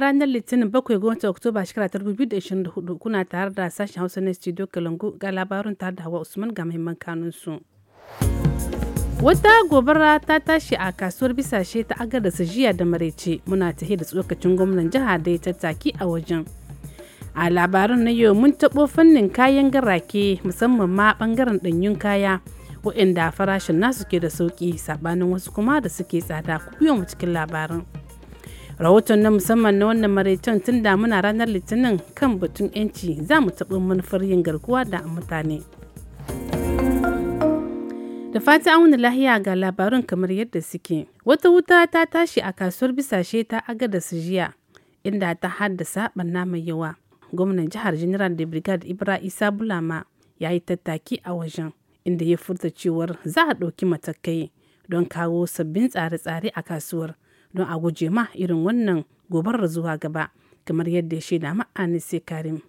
a ranar Litinin 7 ga watan Oktoba shekara 2024 kuna tare da sashen Hausa na Studio Kalangu ga labarun tare da Hawa Usman ga kanun kanunsu. Wata gobara ta tashi a kasuwar bisashe ta agar da jiya da maraice muna tahe da tsokacin gwamnan jiha da ya tattaki a wajen. A labarin na yau mun taɓo fannin kayan garake musamman ma bangaren ɗanyun kaya waɗanda farashin nasu ke da sauƙi saɓanin wasu kuma da suke tsada ku biyo mu cikin labarin. rahoton na musamman na wannan maraicen tun da muna ranar litinin kan batun 'yanci za mu taɓi manufar yin garkuwa da mutane da fata auna lahiya ga labarun kamar yadda suke wata wuta ta tashi a kasuwar bisashe ta agada jiya inda ta haddasa barna mai yawa gwamnan jihar general da brigade ibra isa bulama ya yi tattaki a wajen inda ya furta cewar za a ɗauki matakai don kawo sabbin tsare-tsare a kasuwar don a guje ma irin wannan gobarar zuwa gaba kamar yadda ya shaida ma sai Karim.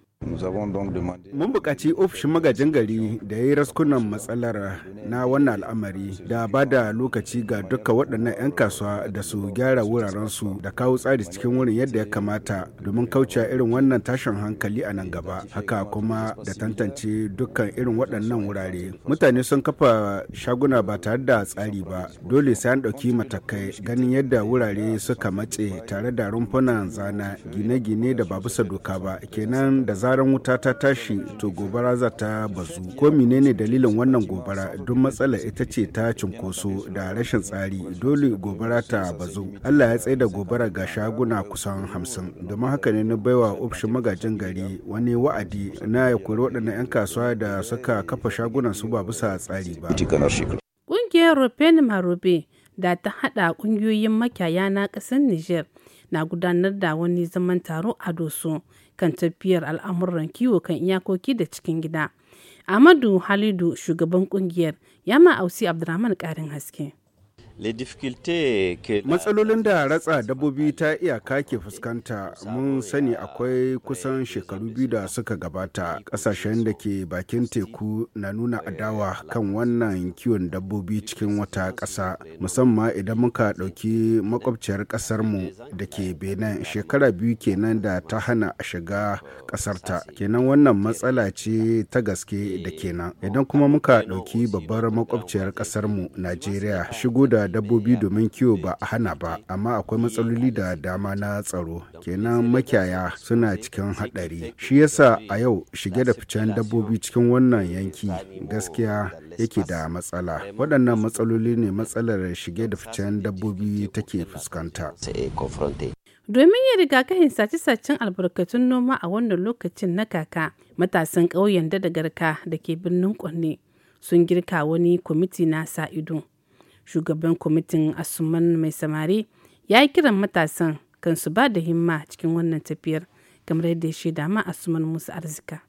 Mun bukaci ofishin magajin gari da ya yi raskunan matsalar na wannan al'amari da ba da lokaci ga duka waɗannan 'yan kasuwa da su gyara wurarensu da kawo tsari cikin wurin yadda ya kamata domin kaucewa irin wannan tashin hankali a nan gaba. Haka kuma da tantance dukkan irin waɗannan wurare. Mutane sun kafa shaguna ba tare da tsari ba. Dole sai an ɗauki matakai ganin yadda wurare suka matse tare da rumfunan zana gine-gine da ba bisa doka ba. Kenan da za zaran wuta ta tashi to gobara za ta bazu ko menene dalilin wannan gobara don matsala ita ce ta cunkoso da rashin tsari dole gobara ta bazu allah ya da gobara ga shaguna kusan hamsin domin haka ne na baiwa ofishin magajin gari wani wa'adi na ya kori waɗannan 'yan kasuwa da suka kafa shagunan su ba bisa tsari ba ƙungiyar rufin marobe da ta haɗa ƙungiyoyin makiyaya na ƙasar niger na gudanar da wani zaman taro a doso kan tafiyar al'amuran kiwo kan iyakoki da cikin gida. Amadu Halidu shugaban kungiyar ya ma ausi Abdurrahman ƙarin haske. matsalolin da ratsa dabbobi ta iyaka ke fuskanta mun sani akwai kusan shekaru biyu da suka gabata ƙasashen da ke bakin teku na nuna adawa kan wannan kiwon dabbobi cikin wata ƙasa musamman idan muka ɗauki makwabciyar ƙasarmu da ke benin shekara biyu kenan da ta hana a shiga ƙasarta kenan wannan matsala ce ta gaske da kenan idan kuma muka ɗauki babbar makwabciyar ƙasarmu najeriya shigo da dabbobi domin kiwo ba a hana ba amma akwai matsaloli da dama na tsaro kenan makiyaya suna cikin haɗari shi yasa a yau shige da ficen dabbobi cikin wannan yanki gaskiya yake da matsala waɗannan matsaloli ne matsalar shige da ficen dabbobi take fuskanta domin yin rigakafin sace-sacen albarkatun noma a wannan lokacin na kaka matasan ƙauyen da garka da ke birnin kwanne sun girka wani kwamiti na sa ido shugaban kwamitin asuman mai samari ya yi kiran matasan kansu ba da himma cikin wannan tafiyar kamar yadda ya shaida ma asuman musu arzika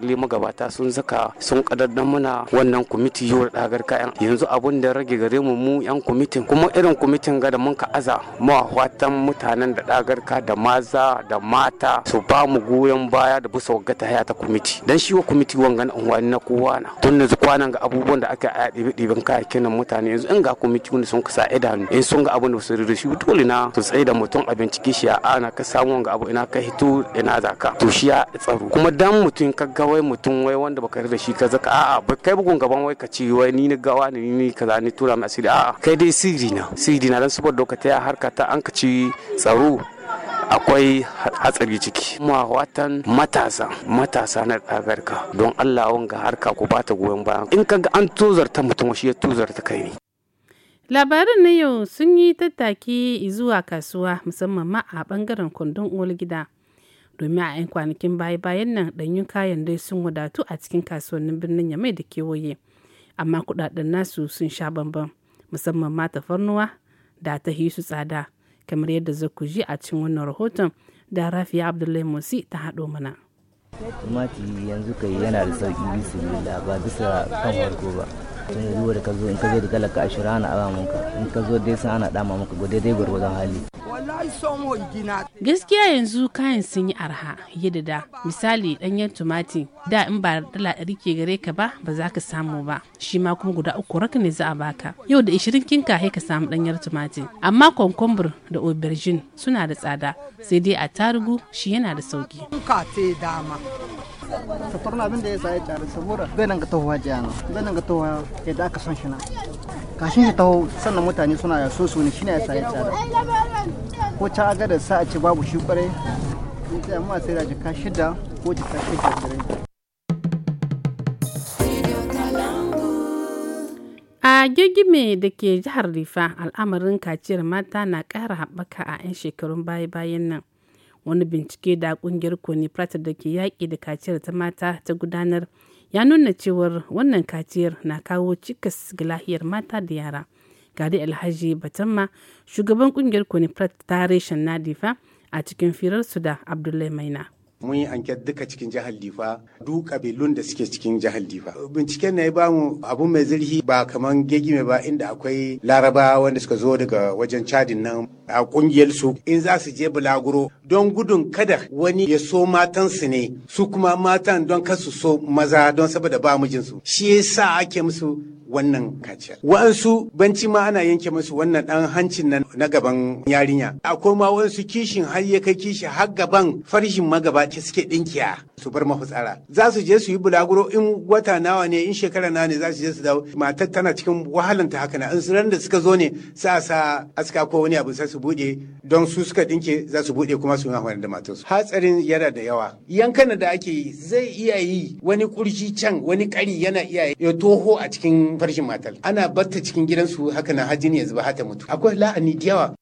le magabata sun zaka sun kadaddan muna wannan kwamiti yau dagar kayan yanzu abun da rage gare mu mu yan kwamitin kuma irin kwamitin ga da mun ka aza ma watan mutanen da dagar ka da maza da mata su ba mu goyon baya da busa wagga ta haya ta kwamiti dan shi wa kwamiti wangan unwani na kowa na tun da kwanan ga abubuwan da aka a ɗibe ɗiben kayakin mutane yanzu in ga kwamiti wani sun kasa idanu in sun ga abun da su rere shi dole na su tsaye da mutum a bincike shi a ana ka samu wanga abu ina ka hito ina zaka to shi ya tsaro kuma dan mutum ka kawai wai mutum wai wanda baka yarda shi kaza ka a'a ba kai bugun gaban wai ka ci wai ni ni gawa ni ni kaza ni tura mai asiri a'a kai dai sirri na sirri na dan saboda ka ta harka ta an ka ci tsaro akwai hatsari ciki kuma watan matasa matasa na kagarka don Allah wanga harka ku bata goyon bayan in kaga an tuzarta mutum shi ya tuzarta kai ne labarin na yau sun yi tattaki zuwa kasuwa musamman ma a bangaren kundin uwar gida domin a 'yan kwanakin baya bayan nan ɗanyun kayan dai sun wadatu a cikin kasuwannin birnin yamai da kewaye amma kudaden nasu sun sha bamban musamman ma tafarnuwa da ta su tsada kamar yadda zakuji a cikin wannan rahoton da rafiya abdullahi musi ta haɗo mana tumati yanzu kai yana da sauƙi bisa ba bisa kan farko ba tun yanzu da ka zo in ka zo da talaka ashirin ana muka in ka zo dai san ana dama maka dai gwargwadon hali Gaskiya yanzu kayan sun yi arha yadda da misali danyen tumati da in ba dala ɗari ke gare ka ba ba za ka samu ba shi ma kuma guda uku raka ne za a baka yau da ishirin kinka ka samu danyar tumati amma kwankwambur da aubergine suna da tsada sai dai a tarugu shi yana da sauki. abin da ya sa ya saboda ga ga yadda aka son shi na kashin shi taho sannan mutane suna ya so su ne shine ya sa tsada ko ta aga da sa a ci babu shi in sai amma sai da jika shida ko jika shida A gigime da ke jihar Rifa al'amarin kaciyar mata na ƙara haɓaka a 'yan shekarun baya-bayan nan. Wani bincike da ƙungiyar Koni Prata da ke yaƙi da kaciyar ta mata ta gudanar ya nuna cewar wannan kaciyar na kawo cikas ga lahiyar mata da yara gari alhaji batamma shugaban kungiyar konifrat ta reshen nadifa a cikin firarsu da abdullahi maina mun yi anket duka cikin jihar Difa duk kabilun da suke cikin jihar Difa. Binciken na ya bamu abu mai zurfi. ba kaman gegime ba inda akwai Laraba wanda suka zo daga wajen Chadin nan a kungiyar su in za su je bulaguro don gudun kada wani ya so matansu ne su kuma matan don kasu so maza don saboda ba mijinsu. Shi yasa ake musu wannan kaciya. Wa'ansu banci ma ana yanke masu wannan ɗan hancin nan na gaban yarinya. Akwai ma wa'ansu kishin har ya kai kishi har gaban farshin magabaci suke ɗinkiya su bar mafitsara. Za su je su yi bulaguro in wata nawa ne in shekara nawa ne za su je su dawo. Matar tana cikin wahalanta haka na in su da suka zo ne sa sa aska ko wani abu sai su buɗe don su suka ɗinke za su buɗe kuma su yi da su. Hatsarin yana da yawa. Yankan da ake yi zai iya yi wani kurji can wani ƙari yana iya ya toho a cikin farshin matar ana batta cikin gidansu haka na hajji ne ya zuba hata mutu akwai la'ani da yawa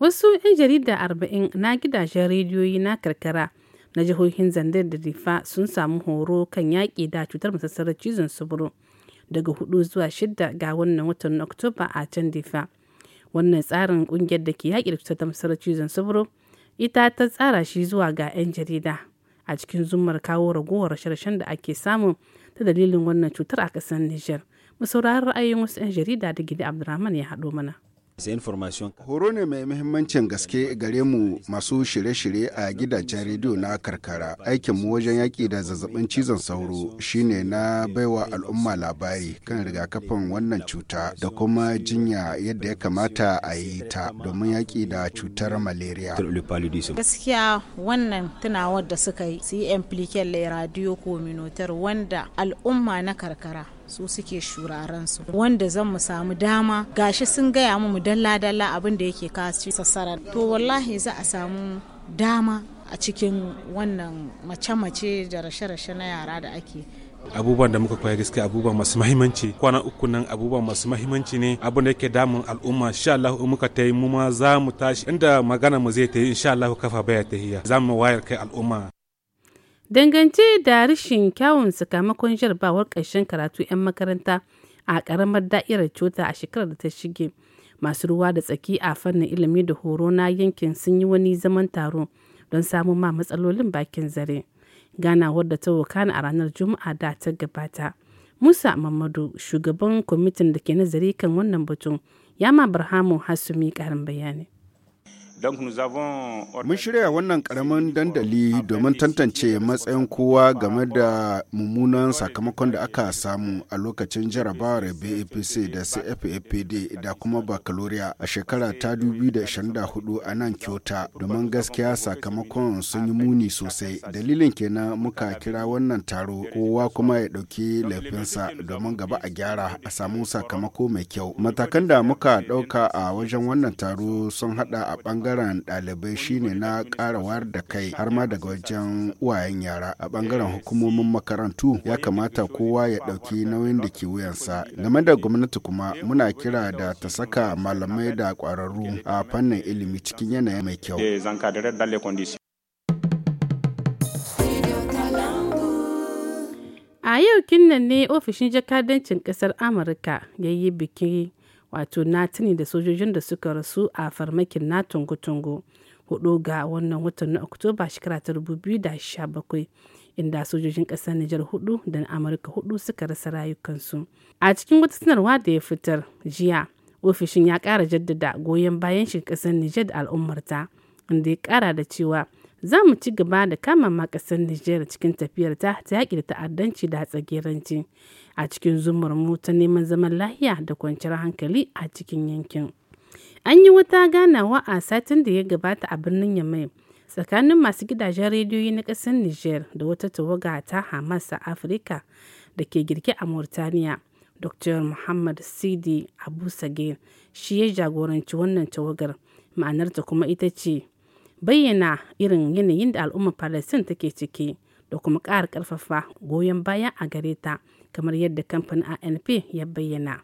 wasu 'yan jarida arba'in na gidajen rediyoyi na karkara na jihohin zandar da difa sun samu horo kan yaƙi da cutar masassarar cizon suburo daga hudu zuwa shida ga wannan watan oktoba a can difa wannan tsarin ƙungiyar da ke yaƙi da cutar masassarar cizon suburo ita ta tsara shi zuwa ga 'yan jarida a cikin zumar kawo ragowar rashe-rashen da ake samu ta dalilin wannan cutar a ƙasar Nijar. Mu saurari ra'ayin wasu 'yan jarida da Gidi Abdurrahman ya haɗo mana. Horo ne mai muhimmancin gaske gare mu masu shirye-shirye a gidajen rediyo na karkara. Aikin mu wajen yaƙi da zazzabin cizon sauro shine na baiwa al'umma labari kan rigakafin wannan cuta da kuma jinya yadda ya kamata a yi ta domin yaƙi da cutar malaria. Gaskiya wannan tunawar da suka yi su yi radio communautaire wanda al'umma na karkara su suke shuraren su wanda zan mu samu dama gashi sun gaya mu dalla dalla abin da yake kasu sassara to wallahi za a samu dama a cikin wannan mace-mace da rashe-rashe na yara da ake abubuwan da muka koya gaskiya abubuwan masu mahimmanci kwana uku nan abubuwan masu mahimmanci ne abin da yake damun al'umma insha Allah in muka tayi mu ma za mu tashi inda magana mu zai tayi insha Allah kafa baya tahiya za mu wayar kai al'umma dangance da rashin kyawun sakamakon jarabawar ƙarshen karatu 'yan makaranta a ƙaramar da'irar cota a shekarar da ta shige masu ruwa da tsaki a fannin ilimi da horo na yankin sun yi wani zaman taro don samun ma matsalolin bakin zare ganawar da ta wakana a ranar juma'a da ta gabata musa mamadu shugaban kwamitin da ke nazari kan wannan batun ya ma barhamu hasumi karin bayani Mun shirya wannan karamin dandali domin tantance matsayin kowa game da mummunan sakamakon da aka samu a lokacin jarabawar BAPC da CFAPD da kuma baccalaureate a shekara ta 2024 a nan kyauta domin gaskiya sakamakon sun yi muni sosai. Dalilin kenan muka kira wannan taro kowa kuma ya ɗauki laifinsa domin gaba a gyara a samu sakamako mai kyau. Matakan da muka ɗauka a wajen wannan taro sun haɗa a ɓangaren bangaren ɗalibai shine na ƙara da kai har ma daga wajen uwayen yara a bangaren hukumomin makarantu ya kamata kowa ya ɗauki nauyin da ke wuyansa game da gwamnati kuma muna kira da ta saka malamai da kwararru a fannin ilimi cikin yanayi mai kyau a yau kinnan ne ofishin jakadancin kasar amurka ya yi biki wato na da sojojin da suka rasu a farmakin na tungu-tungu hudu ga wannan watan na oktoba shekara ta 2017 inda sojojin ƙasar Nijar hudu da na Amurka hudu suka rasa rayukansu. A cikin wata sanarwa da ya fitar jiya, ofishin ya ƙara jaddada goyon bayan shi ƙasar Nijar da al'ummarta, inda ya ƙara da cewa za mu ci gaba da kama ma ƙasar Nijar cikin tafiyarta ta yaƙi da ta'addanci da tsageranci. a cikin zumar ta neman zaman lahiya da kwanciyar hankali a cikin yankin. An yi wata ganawa a satin da ya gabata a birnin Yamai. tsakanin masu gidajen rediyoyi na ƙasar Nijar da wata tawaga ta Hamas a Afirka da ke girke a murtaniya Dr. Muhammad Sidi Abu Sagir shi ya jagoranci wannan tawagar ma'anarta kuma ita ce bayyana irin yanayin da al'ummar Palestine take ciki da kuma ƙara ƙarfafa goyon baya a gareta. kamar yadda kamfanin anp ya bayyana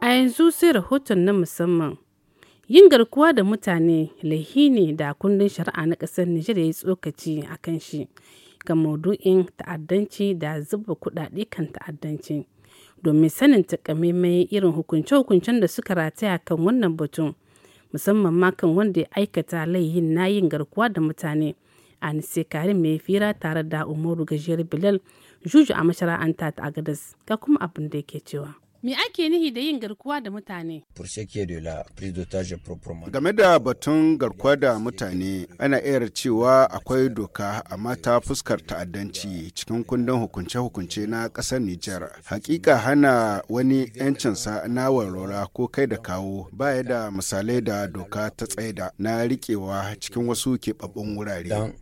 a yanzu sai rahoton na musamman yin garkuwa da mutane laihi ne da kundin shari'a na ƙasar nijar ya yi tsokaci a kan shi ga maudu'in ta'addanci da zuba kuɗaɗe kan ta'addanci domin sanin takamaimai irin hukunce-hukuncen da suka rataya kan wannan batun musamman ma kan wanda ya aikata laihin na yin garkuwa da mutane nise karim mai fira tare da umaru gajiyar bilal juju a mashara'anta ta agadas ga kuma abin da yake cewa Me ake nihi da yin garkuwa da mutane? Game da batun garkuwa da mutane, ana iya cewa akwai doka amma ta fuskar ta'addanci cikin kundin hukunce-hukunce na ƙasar Nijar. Hakika hana wani 'yancinsa na warwara ko kai da kawo baya da misalai da doka ta tsaida na rikewa cikin wasu keɓaɓɓun wurare.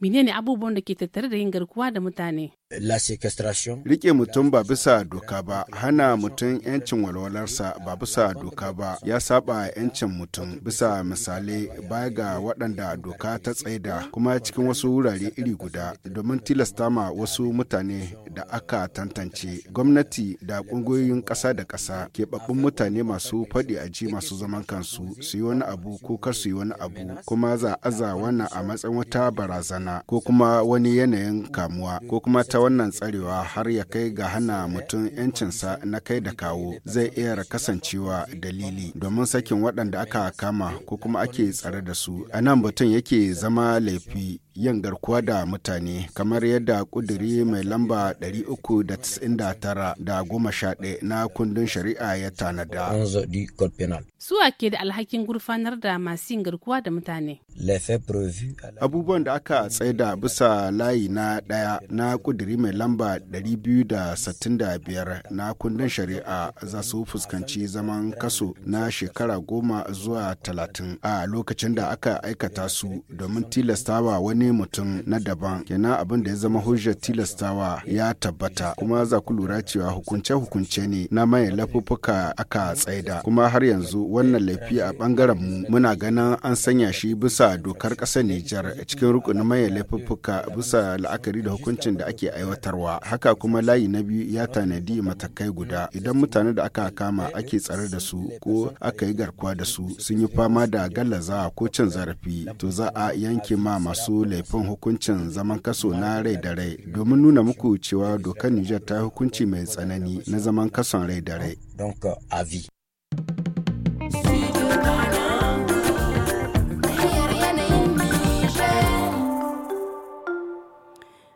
Menene abubuwan da ke tattare da yin garkuwa da mutane? La sequestration. Rike mutum ba bisa doka ba, hana mutum 'yancin walwalarsa ba bisa doka ba, ya saba 'yancin mutum bisa misali baya ga waɗanda doka ta tsaida kuma cikin wasu wurare iri guda domin tilasta ma wasu mutane da aka tantance gwamnati da ƙungiyoyin ƙasa da ƙasa keɓaɓɓun mutane masu faɗi a ji masu zaman kansu su yi wani abu ko kar su yi wani abu kuma za aza wannan a matsayin wata barazana ko kuma wani yanayin kamuwa ko kuma ta ta wannan tsarewa har ya kai ga hana mutum 'yancinsa na kai da kawo zai iya kasancewa dalili domin sakin waɗanda aka kama ko kuma ake tsare da su a nan mutum yake zama laifi yin garkuwa da mutane kamar yadda kuduri mai lamba 399 da goma sha na kundin shari'a ya tanada. Suwa ke da alhakin gurfanar da masu yin garkuwa da mutane. Abubuwan da aka tsaida bisa layi na ɗaya na kuduri mai lamba 265 na kundin shari'a za su fuskanci zaman kaso na shekara goma zuwa talatin a lokacin da aka aikata su domin tilastawa wani wani mutum na daban kenan abin da ya zama hujjar tilastawa ya tabbata kuma za ku lura cewa hukunce-hukunce ne na manyan lafuffuka aka tsaida kuma har yanzu wannan laifi a bangaren mu muna ganin an sanya shi bisa dokar ƙasar Nijar cikin rukunin manyan lafuffuka bisa la'akari da hukuncin da ake aiwatarwa haka kuma layi na biyu ya tanadi matakai guda idan mutane da aka kama ake tsare da su ko aka yi garkuwa da su sun yi fama da gallaza ko cin zarafi to za a yanke ma masu laifi laifin hukuncin zaman kaso na rai da rai domin nuna muku cewa dokar Nijar ta hukunci mai tsanani na zaman kason rai da rai.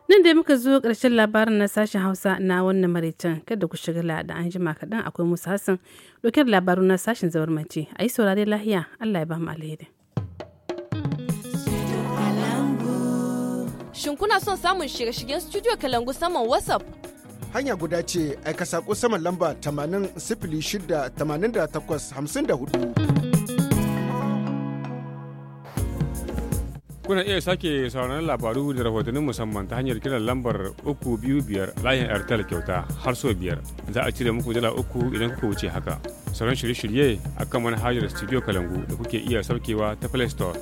nan da muka zo ƙarshen labarin na sashen hausa na wannan maraicen kada ku shigala da an jima kaɗan akwai musu hassan ɗaukar labaru na sashen zaurmanci a yi saurare lahiya allah ya ba mu alheri Shin kuna son samun shirye-shiryen Studio Kalangu saman WhatsApp? Hanya guda ce aika saƙo saman lamba 80 6 8 54. kuna iya sake sauraron labaru da rahotannin musamman ta hanyar kiran lambar 325 layin airtel kyauta har so biyar za a cire muku dala uku idan kuka wuce haka sauran shirye-shirye a kan manhajar studio kalangu da kuke iya saukewa ta play store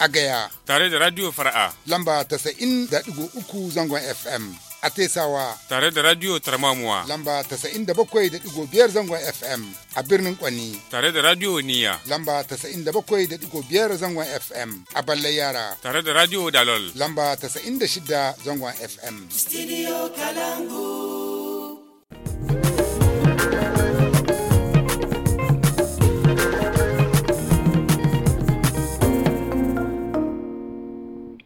a gaya. Tare da Radio Fara'a. Lamba uku zangon FM. A Tesawa. Tare da Radio Tarmamuwa. Lamba biyar zangon FM. A birnin Kwani. Tare da Radio Niya. Lamba biyar zangon FM. A Balle Yara. Tare da Radio Dalol. Lamba shida zangon FM. Studio Kalangu.